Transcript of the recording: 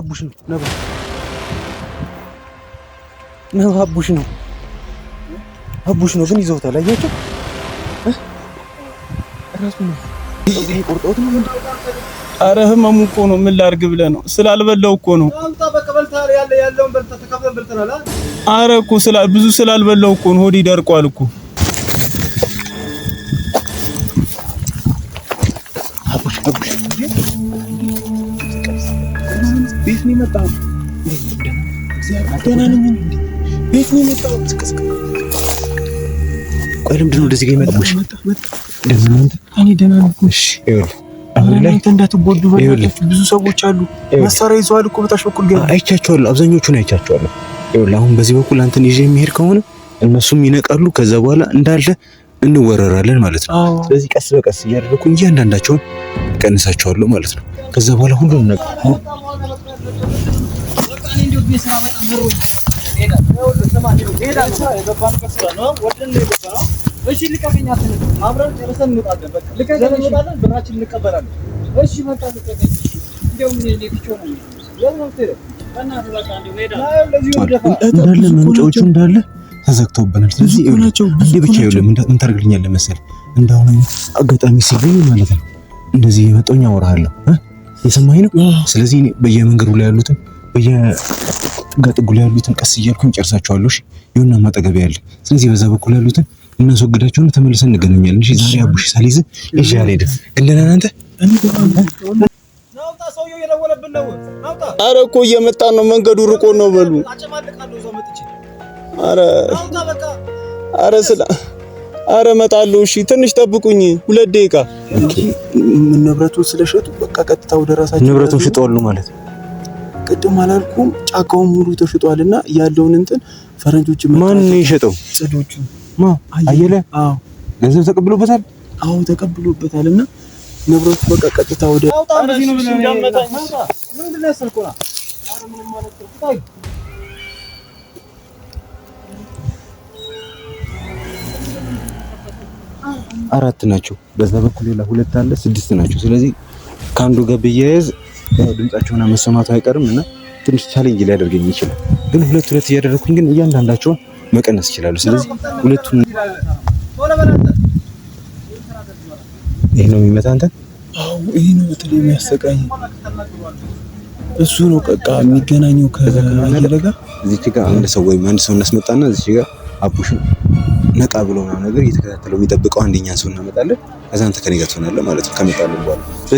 አቡሽ ነው ነባ ነባ አቡሽ ነው አቡሽ ነው ግን ይዘውታል። አያቸው ራሱ ነው ቆርጦት ነው። አረ ህመሙ እኮ ነው። ምን ላርግ ብለ ነው? ስላልበላው እኮ ነው። አረ እኮ ብዙ ስላልበላው እኮ ነው። ሆዴ ደርቋል እኮ አቡሽ አቡሽ ቤት ነው የመጣሁት። ደህና ነኝ። ቤት ነው የመጣሁት። ቆይ ለምንድን ነው ወደዚህ ጋር የመጣሁት? እኔ ደህና ነኝ። እንዳትጎዱ ብዙ ሰዎች አሉ፣ መሳሪያ ይዘዋል እኮ በታች በኩል ገና አይቻቸዋለሁ። አብዛኞቹን አይቻቸዋለሁ። ይኸውልህ አሁን በዚህ በኩል አንተን ይዤ የሚሄድ ከሆነ እነሱም ይነቃሉ። ከዛ በኋላ እንዳለ እንወረራለን ማለት ነው። ስለዚህ ቀስ በቀስ እያደረኩኝ እያንዳንዳቸውን እቀንሳቸዋለሁ ማለት ነው። ከዛ በኋላ ሁሉም ነገር እንዳለ መምጫዎቹ እንዳለ ተዘግተውብናል። ስለዚህ እንዴ ብቻ ይኸውልህ ምን ታደርግልኛለህ መሰለህ እንዳሁን አጋጣሚ ሲገኝ ማለት ነው እንደዚህ የመጣሁኝ አወራሃለሁ። የሰማኸኝ ነው። ስለዚህ በየመንገዱ ላይ ያሉትን በየጋጥጉ ያሉትን ቀስ እያልኩኝ ጨርሳቸዋለሁ። እሺ የሆነ ማጠገቢያ ያለ ስለዚህ በዛ በኩል ያሉትን እናስወግዳቸውን ተመልሰን እንገናኛለን። እሺ ዛሬ አቡሽ ሳልይዝ ይዤ አልሄድም። እንደናን አንተ አረ እኮ እየመጣን ነው፣ መንገዱ ርቆ ነው በሉ። አረ አረ አረ እመጣለሁ። እሺ ትንሽ ጠብቁኝ፣ ሁለት ደቂቃ። ንብረቱን ስለሸጡ በቃ ቀጥታ ወደ ራሳቸው ንብረቱን ሽጠዋል ማለት ነው። ቅድም አላልኩም? ጫካውን ሙሉ ተሽጧል እና ያለውን እንትን ፈረንጆች። ማን ነው የሸጠው? ጽዶቹ። አየለ? ገንዘብ ተቀብሎበታል። አዎ ተቀብሎበታል። እና ንብረቱ በቃ ቀጥታ ወደ አራት ናቸው። በዛ በኩል ሌላ ሁለት አለ፣ ስድስት ናቸው። ስለዚህ ከአንዱ ጋር ብያያዝ ድምጻቸውን መሰማቱ አይቀርም እና ትንሽ ቻሌንጅ ሊያደርገኝ ይችላል። ግን ሁለት ሁለት እያደረኩኝ ግን እያንዳንዳቸውን መቀነስ ይችላሉ። ስለዚህ ሁለቱን ይህ ነው የሚመታ አንተ አዎ፣ ይህ ነው በተለይ የሚያሰቃኝ እሱ ነው። በቃ የሚገናኘው ከአየለ ጋር እዚች ጋር አንድ ሰው ወይም አንድ ሰው እናስመጣና እዚች ጋር አቡሽን ነቃ ብሎ ነው ነገር እየተከታተለው የሚጠብቀው አንደኛ ሰው እናመጣለን። ከዛን ተከኔ ጋር ትሆናለህ ማለት ነው ከመጣለን በኋላ